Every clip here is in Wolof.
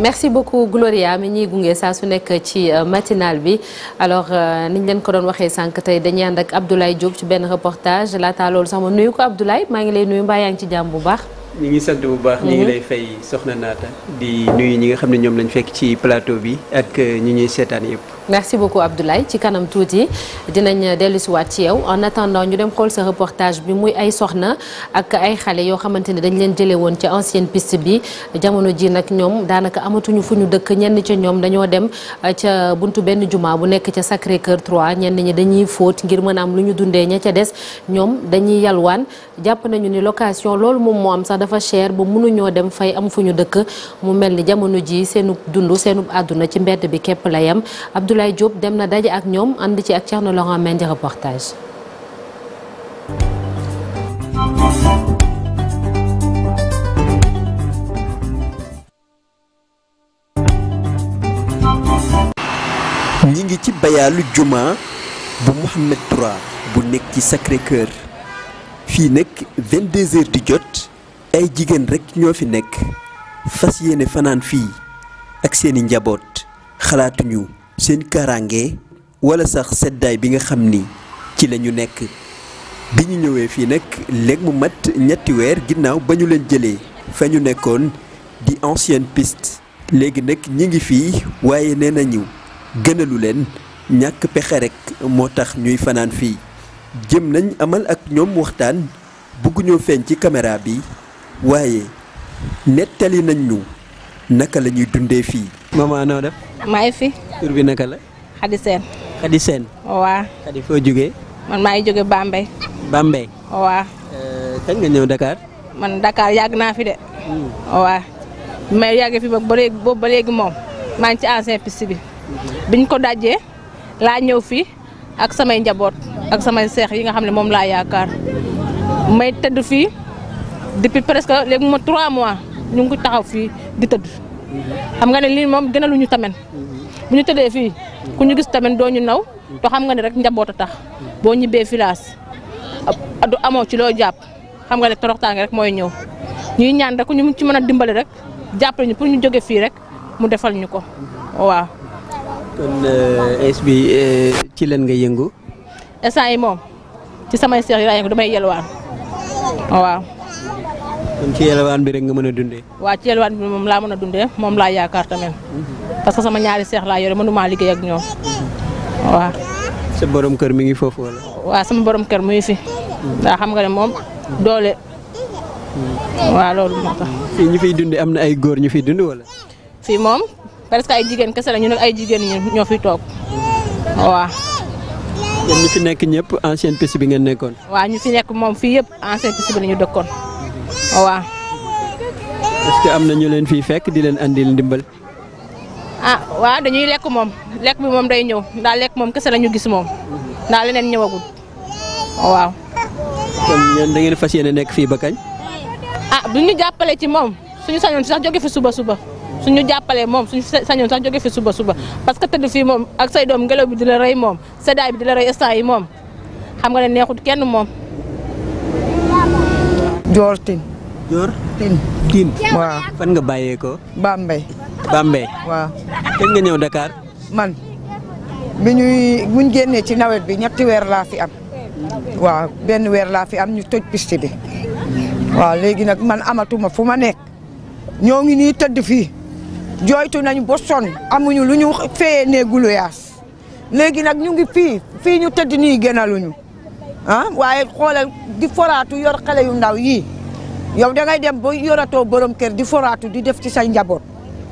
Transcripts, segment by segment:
merci beaucoup Gloria mi ñuy gunge saa su nekk ci euh, matinal bi alors euh, niñ leen ko doon waxee sànq tey dañuy ànd ak Abdoulaye Diop ci benn reportage laata loolu sax ma nuyu ko Abdoulaye maa ngi lay nuyu mbaa yaa ngi ci jàmm bu baax. ñu ngi sant bu baax ñu ngi mhm. lay fay soxna naata di nuyu ñi nga xam ne ñoom lañu fekk ci plateau bi ak euh, ñi ñuy seetaan yëpp. merci beaucoup Abdoulaye ci kanam tuuti dinañ dellusiwaat ci yow en attendant ñu dem xool sa reportage bi muy ay soxna ak ay xale yoo xamante ne dañ leen jëlee woon ci ancienne piste bi jamono ji nag ñoom amatuñu fu ñu dëkk ñenn ca ñoom dañoo dem ca buntu benn jumaa bu nekk ca Sacré Cœur 3 ñi dañuy fóot ngir mën a am lu ñu dundee ña ca des ñoom dañuy yalwaan jàpp nañu ni location loolu moom moo am sax dafa cher ba mënuñoo dem fay am fu ñu dëkk mu mel ni jamono ji seenu dundu seenu àdduna ci mbedd bi képp la yam Abdoulaye Diop dem na daje ak ñoom ànd ci ak Thierno Laurent Mendy reportage. ñi ngi ci bayaalu jumaa bu Mohamed III bu nekk ci Sacré Cœur fii nag 22 heures di jot ay jigéen rekk ñoo fi nekk fas yéene fanaan fii ak seeni njaboot xalaatuñu seen kaaraange wala sax seddaay bi nga xam ni ci lañu nekk bi ñu ñëwee fii nag léegi mu mat ñetti weer ginnaaw ba ñu leen jëlee fa ñu nekkoon di ancienne piste léegi nag ñi ngi fii waaye nee nañu gënalu leen ñàkk pexe rekk moo tax ñuy fanaan fii jëm nañ amal ak ñoom waxtaan bëgguñoo feeñ ci caméra bi waaye nettali nañ naka la ñuy dundee fii. tur bi naka la. Khady Sène. Khady Sène. waaw Khady foo jógee. man maa ngi jóge Bambey. Bambey. waaw. Euh, kañ nga ñëw Dakar. man Dakar yàgg naa fi de. Hmm. waaw mais yàgg fi ba boobu ba léegi moom maa ngi ci ancien piste bi. Hmm. biñ ko dajee laa ñëw fii ak samay njaboot ak samay seex yi nga xam ne moom laa yaakaar may tëdd fii depuis presque léegi mu 3 mois ñu ngi taxaw fii di tëdd. Hmm. xam nga ne lii moom gënaluñu tamen bu ñu tëddee fii ku ñu gis tamit doo ñu naw te xam nga ne rek njaboot a tax boo ñibbee village du amoo ci loo jàpp xam nga ne toroxtaange rek mooy ñëw ñu ñaan rek ku ñu ci mën a dimbali rek jàppale ñu ñu jóge fii rek mu defal ñu ko waaw. kon es euh, euh, ci lan nga yëngu. instant yi moom ci samay seex yi laa yëngu damay yelwaan waaw. kon ci yelwaan bi rek nga mën a dundee. waaw ci yelwaan bi moom laa mën a dundee moom laa yaakaar tamit. Mhm. parce que sama ñaari seex laa yore mënumaa liggéey ak ñoom waaw. sa borom kër mi ngi foofu wala. sama boroom kër mu ngi fi. ndax xam nga ne moom doole. waaw loolu moo tax. fii ñu fiy dund am na ay góor ñu fiy dund wala. fii moom parce que ay jigéen kese lañu ñu ay jigéen ñu ñoo fi toog waaw. ñu fi nekk ñëpp ancienne piste bi ngeen nekkoon. waa ñu fi nekk moom fii yëpp ancienne piste bi la ñu dëkkoon waaw. est am na ñu leen fii fekk di leen indil ndimbal. ah waaw dañuy lekk moom lekk bi moom day ñëw daal lekk moom kese la ñu gis moom ndax leneen ñëwagul waaw. kon ñoom da ngeen fas nekk fii ba kañ. ah bu ñu jàppale ci moom suñu sañoon sax jóge fi suba suba suñu jàppalee moom suñu sañoon sax jóge fi suba suba parce que tëdd fii moom ak say doom ngelaw bi di la rey moom seddaay bi di la rey instant yi moom xam nga ne neexut kenn moom. Joor Tine. Joor Tine. Tine fan nga bàyyee ko. Bambey. Bambey. waaw kañ nga ñëw Dakar. man bi ñuy bu ñu génnee ci nawet bi ñetti weer laa fi am. waa benn weer laa fi am ñu toj piste bi. waaw léegi nag man amatuma fu ma nekk. ñoo ngi nii tëdd fii. jooytu nañu ba sonn amuñu lu ñu feyee néegu lu yaas léegi nag ñu ngi fii fii ñu tëdd nii gënaluñu ah waaye xoola di foraatu yor xale yu ndaw yi yow dangay dem ba yoratoo borom kër di foraatu di def ci say njaboot.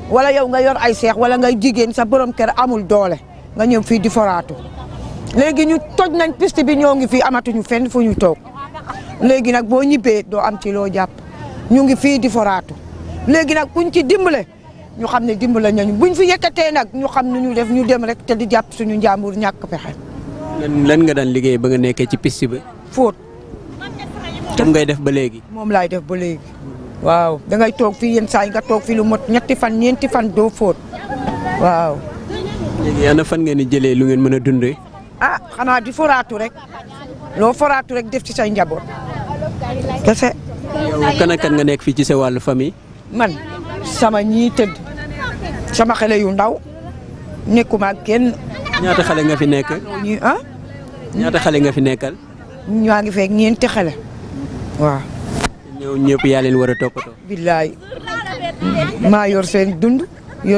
wala yow nga yor ay seex wala ngay jigéen sa borom kër amul doole nga ñëw fii di foraatu léegi ñu toj nañ piste bi ñoo ngi fii amatuñu fenn fu ñu toog léegi nag boo ñibbee doo am ci loo jàpp ñu ngi fii di foraatu léegi nag kuñ ci dimbale ñu xam ne dimbale nañu buñ fi yëkkatee nag ñu xam nu ñu def ñu dem rek te di jàpp suñu njàmbur ñàkk pexe. lan nga daan liggéey ba nga nekkee ci piste bi fóot. tam ngay def ba léegi. moom laay def ba léegi. waaw dangay toog fii yenn saa nga toog fi lu mot ñetti fan ñeenti fan doo fóot waaw. léegi ana fan ngeen di jëlee lu ngeen mën a dundee. ah xanaa di foraatu rek loo foraatu rek def ci say njaboot kese. yow kan nga nekk fii ci sa wàllu famille. man sama ñii tëdd sama xale yu ndaw nekkuma kenn. ñaata xale nga fi nekk. ñii ah. ñaata xale nga fi nekkal. ñaa ngi fee ñeenti xale waaw. ñoom ñëpp yaa leen war a toppatoo. billaay yor seen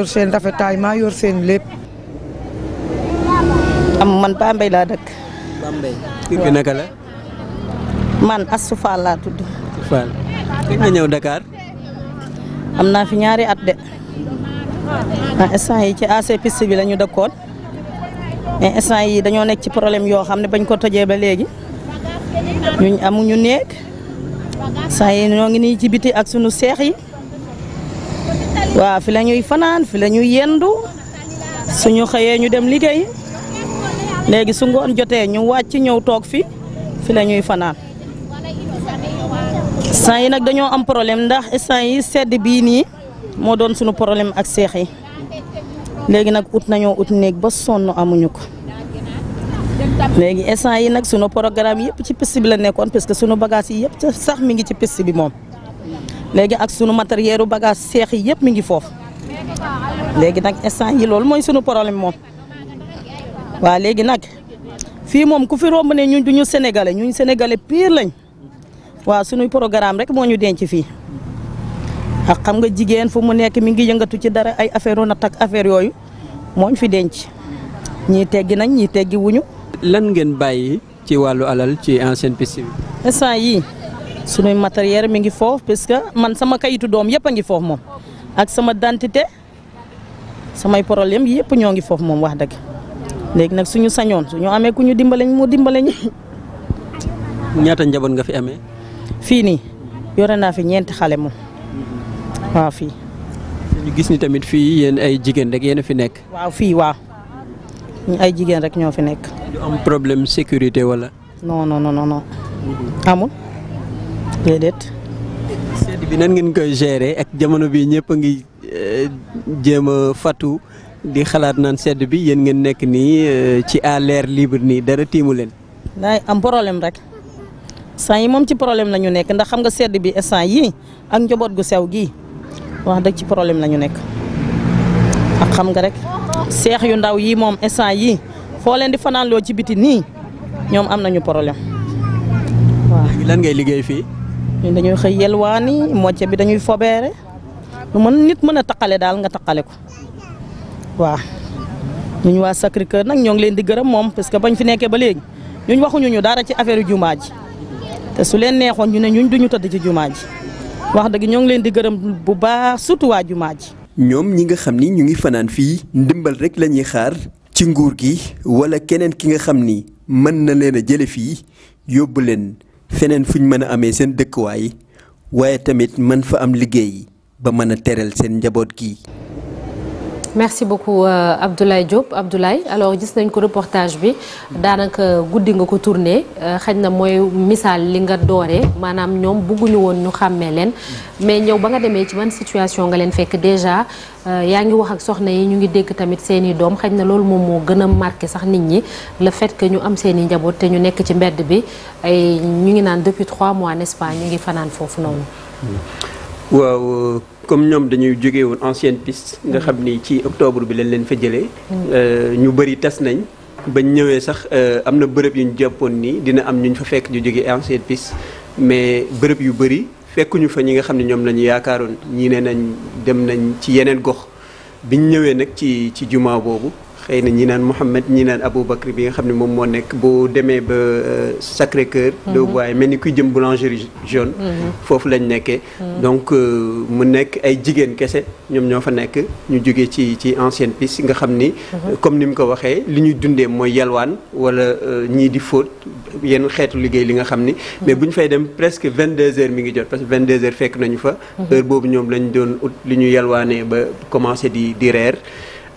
seen rafetaay maa yor seen lépp. am man dëkk. Bambey la. man Astou Fall ñëw Dakar. am naa fi ñaari at de. ah instant yi ci AC piste bi la ñu dëkkoon. mais instant yi dañoo nekk ci problème yoo xam ne bañ ko tojee ba léegi. ñu amuñu saa yi ñoo ngi nii ci biti ak sunu seex yi waaw fi la ñuy fanaan fi la ñuy yendu suñu xëyee ñu dem liggéey léegi su ngoon jotee ñu wàcc ñëw toog fii fi la ñuy fanaan saa yi nag dañoo am problème ndax saa yi sedd bii nii moo doon sunu problème ak seex yi léegi nag ut nañoo ut néeg ba sonn amuñu ko léegi instant yi nag sunu programme yëpp ci piste bi la nekkoon parce que sunu bagage yi yëpp sax mi ngi ci piste bi moom léegi ak sunu matériel bagage seex yi yëpp mi ngi foofu léegi nag instant yi loolu mooy sunu problème moom waa léegi nag fii moom ku fi romb ne ñun duñu sénégalais ñun sénégalais pire lañ waaw sunuy programme rek moo ñu denc fii ak xam nga jigéen fu mu nekk mi ngi yëngatu ci dara ay affaire u natt ak affaire yooyu ñu fi denc ñii teggi nañ ñii teggi lan ngeen bàyyi ci wàllu alal ci ancienne piste bi. instant yii sunuy matériel mi ngi foofu parce que man sama kayitu doom yëpp a ngi foofu moom ak sama dentité samay problème yëpp ñoo ngi foofu moom wax dëgg léegi nag suñu sañoon suñu amee ku ñu dimbale moo dimbale ñu. ñaata njaboot nga fi amee. fii nii yore naa fi ñeenti xale moom waaw fii. ñu gis ni tamit fii yéen ay jigéen rek yéen a fi nekk. waaw fii waaw. ay jigéen rek ñoo fi nekk. du am problème sécurité wala. non non non non amul déedéet. sedd bi nan ngeen koy gérer ak jamono bi ñëpp a ngi euh, jéem a fatu di xalaat naan sedd bi yéen ngeen nekk nii euh, ci à l'air libre nii dara tiimu leen. daay am problème rek. sant yi moom ci problème la nekk ndax xam nga sedd bi instant yi ak njaboot gu sew gi wax dëgg ci problème lañu nekk. ak xam nga rek seex yu ndaw yii moom instant yii foo leen di fanaanloo ci biti nii ñoom am nañu problème waaw. lan ngay liggéey fii. ñun dañuy xëy yelwaani mocce bi dañuy fobeere lu mën nit mën a taqale daal nga taqale ko waaw. ñu ñu waa Sacré Cœur nag ñoo ngi leen di gërëm moom parce que bañ fi nekkee ba léegi ñun waxuñu ñu dara ci affaire jumaa ji te su leen neexoon ñu ne ñun duñu tëdd ci jumaa ji wax dëgg ñoo leen di gërëm bu baax surtout waa jumaa ji ñoom ñi nga xam ni ñu ngi fanaan fii ndimbal rek la ñuy xaar ci nguur gi wala keneen ki nga xam ni mën na leen a jële fii yóbbu leen feneen fuñ mën a amee seen dëkkuwaay waaye tamit mën fa am liggéey ba mën a teral seen njaboot gi merci beaucoup euh, Abdoulaye Diop Abdoulaye alors gis nañ ko reportage bi daanaka guddi nga ko tourné euh, xëy na mooy misaal li nga dooree maanaam ñoom bëgguñu woon ñu xàmmee leen mais ñëw ba nga demee ci ban situation nga leen fekk déjà euh, yaa ngi wax ak soxna yi ñu ngi dégg tamit seen i doom xëy na loolu moom moo gën a marqué sax nit ñi le fait que ñu am seen i njaboot te ñu nekk ci mbedd bi ay ñu ngi naan depuis trois mois n'est-ce ñu ngi fanaan foofu noonu mm. waaw comme ñoom dañuy jóge woon ancienne piste nga xam ni ci octobre bi lañ leen fa jëlee mm. euh, ñu bëri tas nañ bañ ñëwee sax euh, am na bërëb yu ñu jàppoon nii dina am ñu ñu fa fekk ñu jóge ancienne piste mais bërëb yu bëri fekkuñu fa ñi nga xam ne ñoom la yaakaaroon ñii ne nañ dem nañ ci yeneen gox biñ ñëwee nag ci ci jumaa boobu xëy na ñi naan Mouhamed ñi naan Aboubacry bi nga xam ne moom moo nekk boo demee ba euh, Sacré Cœur mm-hmm. doo waaye mel ni kuy jëm boulangerie jaune mm-hmm. foofu lañ nekkee mm-hmm. donc euh, mu nekk ay jigéen kese ñoom ñoo fa nekk ñu jógee ci ci ancienne piste nga xam ni comme ni mu ko waxee li ñuy dundee mooy yalwaan wala euh, ñii di fóot yenn xeetu liggéey li nga xam ni mais bu ñu fay dem presque vingt deux heures mi ngi jot parce que vingt deux heures fekk nañu fa heure boobu ñoom lañ doon ut li ñu yalwaanee ba commencé di di reer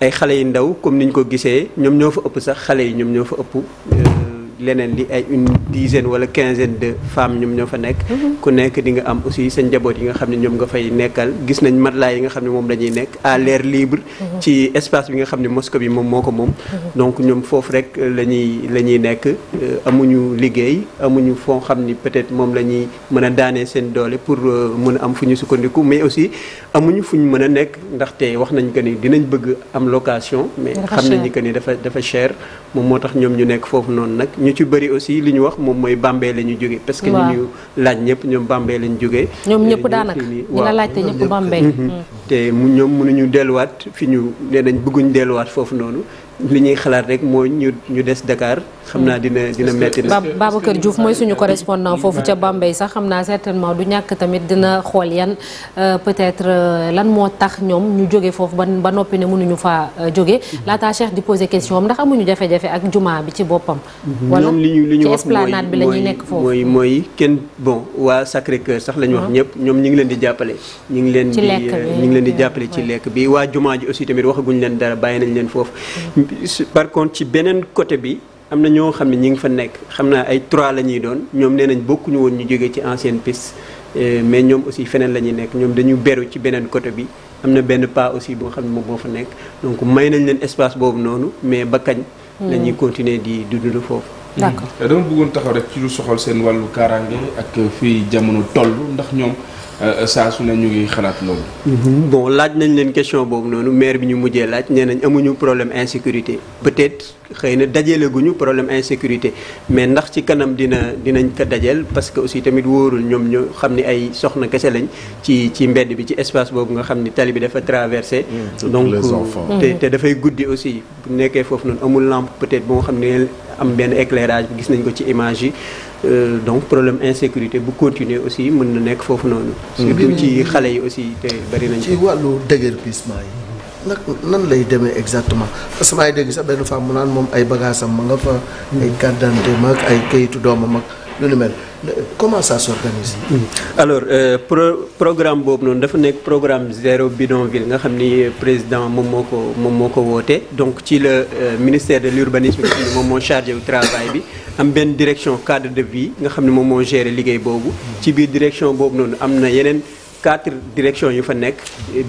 ay xale yu ndaw comme ni ñu ko gisee ñoom ñoo fa ëpp sax xale yi ñoom ñoo fa ëpp euh, leneen li ay une dizaine wala quinzaine de femmes ñoom ñoo fa nekk. Mhm. ku nekk di nga am aussi sa njaboot yi nga xam ne ñoom nga fay nekkal gis nañ matelas yi nga xam ne moom la nekk à mhm. l'air libre. Mhm. ci espace bi nga xam ne mosquée bi moom moo ko moom. donc ñoom foofu rek la ñuy la ñuy nekk euh, amuñu liggéey amuñu foo xam ni peut-être moom la ñuy mën a daanee seen doole pour euh, mun a am fu ñu sukkandiku mais aussi amuñu fu ñu mën a nekk ndaxte wax nañ que ni dinañ bëgg am location. xam nañ que ni dafa dafa cher moom moo tax ñoom ñu nekk foofu noonu nag. ñu ci bëri aussi li ñu wax moom mooy Bambey la ñu jógee. parce que ñu ñu laaj ñëpp ñoom Bambey la ñu jógee. ñoom ñëpp daanaka ñu la laajte ñëpp Bambey. Mhm. Mm. te mu ñoom mënuñu delluwaat fi ñu ne nañ bëgguñu delluwaat foofu noonu. li ñuy xalaat rek mooy ñu ñu des Dakar xam naa dina dina metti na kër Diouf mooy suñu correspondant foofu ca Bambey sax xam naa certainement du ñàkk tamit dina xool yan euh, peut-être euh, lan moo tax ñoom ñu jóge foofu ba ba noppi ne mënuñu faa euh, jóge laata Cheikh di poser question am ndax amuñu jafe-jafe ak jumaa bi ci boppam mhm. wala ñoom li ñu li ñu wax esplanade bi la ñuy nekk foofu mooy kenn bon waa Sacré-Cœur sax la ñu wax mhm. ñëpp ñoom ñi ngi leen di jàppale ñi ngi leen di ñi ngi leen di jàppale ci lekk bi waa jumaa ji aussi tamit waxaguñ leen dara bàyyi nañ leen foofu par contre ci beneen côté bi am na ñoo xam ne ñi ngi fa nekk xam naa ay trois la ñuy doon ñoom nee nañ bokkuñu woon ñu jógee ci ancienne piste eh, mais ñoom aussi feneen la ñuy nekk ñoom dañu beru ci beneen côté bi am na benn pas aussi boo xam ne moom moo fa nekk donc may nañ leen espace boobu noonu mais ba kañ. Hmm. la ñuy continuer di dund foofu. d'accord dama bëggoon taxaw rek ci lu soxal seen wàllu kaaraange ak fii jamono toll ndax ñoom. Euh, euh, saa su ne ñu ngi xalaat loolu. Mhm. bon laaj nañ leen question boobu noonu maire bi ñu mujjee laaj nee nañ amuñu problème insécurité peut-être xëy na dajale guñu problème insécurité mais ndax ci kanam dina dinañ ko dajeel parce que aussi tamit woorul ñoom ñu xam ni ay soxna kese lañ ci ci mbedd bi ci espace boobu nga xam ni tali bi dafa traversé. Mm, donc te te mhm. dafay guddi aussi bu nekkee foofu noonu amul lampe peut-être boo xam ne. am benn éclairage bi gis nañ ko ci image yi euh, donc problème insécurité bu continuer aussi mën na nekk foofu noonu. surtout ci mm-hmm. xale yi aussi te bari nañ ci wàllu déguerpissement yi. nag nan lay demee exactement parce que maay dégg sax benn femme mu naan moom ay bagages am ma nga fa. ay carte d'identité mag ay kayitu doomam mag. lu nu mel comment ça s'organise mm. alors euh, pro programme boobu noonu dafa nekk programme zéro bidonville nga xam ni président moom moo ko moom moo ko woote donc ci la euh, ministère de l'urbanisme nga xam ne moom moo chargé wu travail bi am benn direction cadre de vie nga xam ne moom moo géré liggéey boobu ci biir direction boobu noonu am na yeneen quatre directions yu fa nekk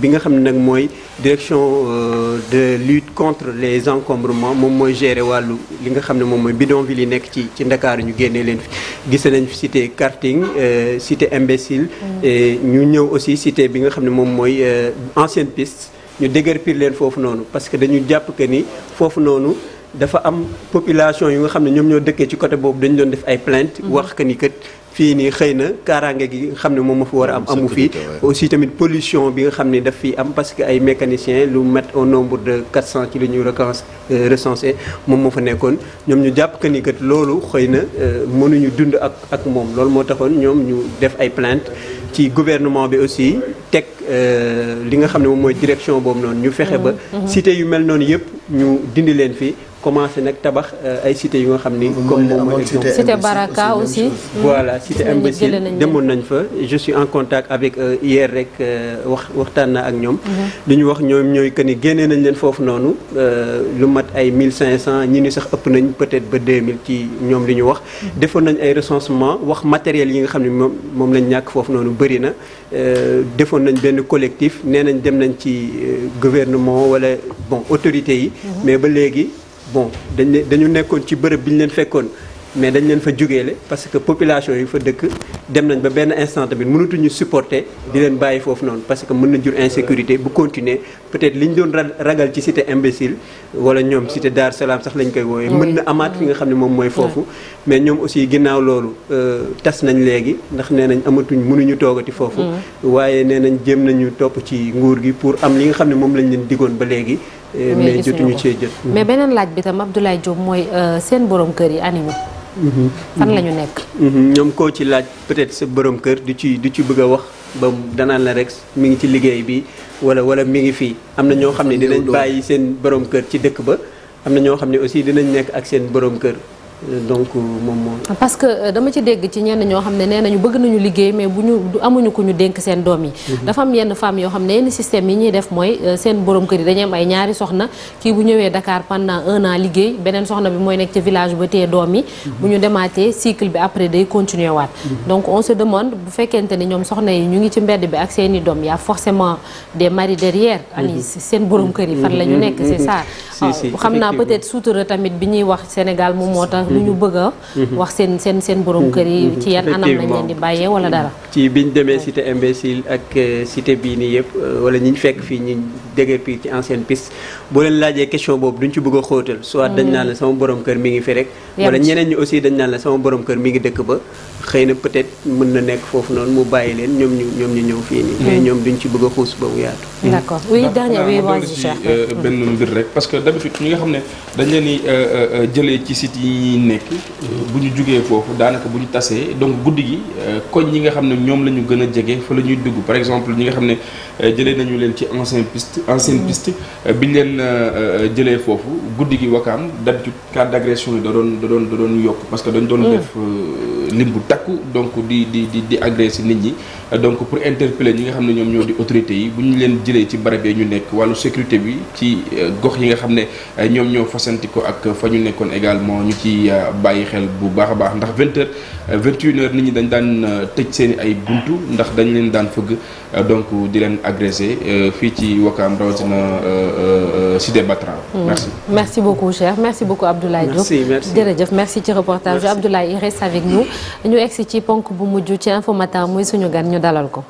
bi nga xam ne nag mooy direction euh, de lutte contre les encombrements moom mooy gérer wàllu li nga xam ne moom mooy bidonville yi nekk ci ci Ndakaaru ñu génne leen fi gis nañ fi cité karting euh, cité imbécile mm. ñu ñëw aussi cité bi nga xam ne moom mooy euh, ancienne piste ñu dëgër piir leen foofu noonu parce que dañu jàpp que ni foofu noonu dafa am population yu nga xam ne ñoom ñoo dëkkee ci côté boobu dañu doon def ay plainte mm-hmm. wax que fii nii xëy na kaaraange gi xam ne moom ma fi war a am amu fii aussi tamit pollution bi nga xam ne daf fi am parce que ay mécaniciens lu met au nombre de 400 ci li ñu euh, recense recensé moom moo fa nekkoon ñoom ñu jàpp que ni kat loolu xëy na euh, mënuñu dund ak ak moom loolu moo taxoon ñoom ñu def ay plante ci gouvernement bi aussi teg euh, li nga xam ne moom mooy direction boobu noonu ñu fexe ba mm-hmm. cité yu mel noonu yëpp ñu dindi leen fii commencé nag tabax euh, ay cités yu nga xam ni. comme moom mooy exemple cité Baraka aussi. voilà cité imbécile demoon nañ fa. je en contact avec euh, hier rek euh, wax waxtaan na ak ñoom. Mhm. li ñu wax ñoom ñooy que ni génnee nañ leen foofu noonu lu mat ay 1500 ñi ni sax ëpp nañ peut ba ba 2000 ci ñoom li ñu wax. Mhm. defoon nañ ay recensement wax matériel yi nga xam ne moom moom lañ ñàkk foofu noonu bëri na defoon nañ benn collectif nee nañ dem nañ ci gouvernement wala bon autorité yi mhm. mais ba léegi. bon dañ ne dañu nekkoon ci bërëb bi ñu leen fekkoon mais dañ leen fa jógeele parce que population yi fa dëkk dem nañ ba benn instant tamit mënatuñu supporter di leen bàyyi foofu noonu parce que mën na jur insécurité bu continuer peut-être li ñu doon ragal ci cité imbécile wala ñoom cité Dar Salaam sax lañ koy wooyee mën na amaat fi nga xam ne moom mooy foofu mais ñoom aussi ginnaaw loolu euh, tas nañ léegi ndax nee nañ amatuñ mënuñu toogati foofu mm. waaye nee nañ jéem nañu topp ci nguur gi pour am li nga xam ne moom lañ leen digoon ba léegi Eh, mais jotuñu cee jot. mais mm-hmm. beneen laaj bi tam Abdoulaye Diop mooy euh, seen borom kër yi animé. Mm-hmm. fan mm-hmm. la ñu nekk. ñoom koo ci laaj peut-être sa borom kër du ci du ci bëgg a wax ba danaan la rek mi ngi ci liggéey bi wala wala mi ngi fii am na ñoo xam ne dinañ bàyyi seen borom kër ci dëkk ba am na ñoo xam ne aussi dinañ nekk ak seen borom kër. donc euh, moom moo. parce que euh, dama ci dégg ci ñenn ñoo xam ne nee nañu bëgg nañu liggéey mais bu ñu amuñu ko ñu dénk seen doom yi. Mhm. dafa am yenn femmes yoo xam ne yenn système yi ñuy def mooy euh, seen borom kër yi dañuy am ay ñaari bu ñëwee Dakar pendant un an liggéey beneen soxna bi mooy nekk ci village ba téye doom yi. Mhm. bu ñu demaatee cycle bi après day continuer waat. Mhm. donc on se demande bu fekkente ni ñoom soxna yi ñu ngi ci mbedd bi ak seen i doom y a forcément des maris derrière. ani seen borom kër yi fan la ñu nekk c'est ça. Ah, xam naa peut-être sutura tamit bi ñuy wax Sénégal moom moo tax nag lu ñu mhm. bëgg mhm. wax seen seen seen borom kër yi mhm. ci yan anam lañ leen di bàyyee wala dara ci biñ demee cité imbécile ak euh, cité bii nii yëpp euh, wala ñi fekk fii ñu déggee fii ci ancienne piste boo leen laajee question boobu duñ ci bëgg a xóotal soit dañ naan la mm. sama borom kër mi ngi fi rek wala ñeneen ñi aussi dañ naan la sama borom kër mi ngi dëkk ba xëy na peut-être mën na nekk foofu noonu mu bàyyi leen ñoom ñu ñoom ñu ñëw fii nii mais mm. ñoom duñ ci bëgg a xuus ba mu yaatu mm. d'accord oui dernier oui vas-y euh, benn mbir rek parce que d'habitude ñi nga ne dañ leen di jëlee ci yi yi nekk euh, bu ñu jugee foofu daanaka bu ñu tasee donc guddi gi euh, koñ yi nga xam ne ñoom la ñu gën a jege fa la ñuy dugg par exemple ñi nga xam ne euh, jëlee nañu leen ci ancien piste ancienne mm-hmm. piste bi ñu leen jëlee foofu guddi gi wakaam d'habitude cas d'agression yi da doon da doon da doon yokk parce que dañ doon mm. def lim bu takku donc di di di di agressé nit ñi donc pour interpeller ñi nga xam ne ñoom ñoo di autorités yi bu ñu leen jëlee ci barab yi ñu nekk wàllu sécurité bi ci euh, gox yi nga xam ne euh, ñoom ñoo fasanti ko ak fa ñu nekkoon également ñu ci euh, bàyyi xel bu baax a baax ndax 20 heures 21 heures nit ñi dañ daan tëj seen ay buntu ndax dañ leen daan fëgg donc di leen agressé fii ci Wakaam rawatina Cité Batran. Hmm. merci merci beaucoup cher merci beaucoup Abdoulaye Diop. merci ci ñu egsi ci ponk bu mujj ci info matin muy suñu gan ñu dalal ko.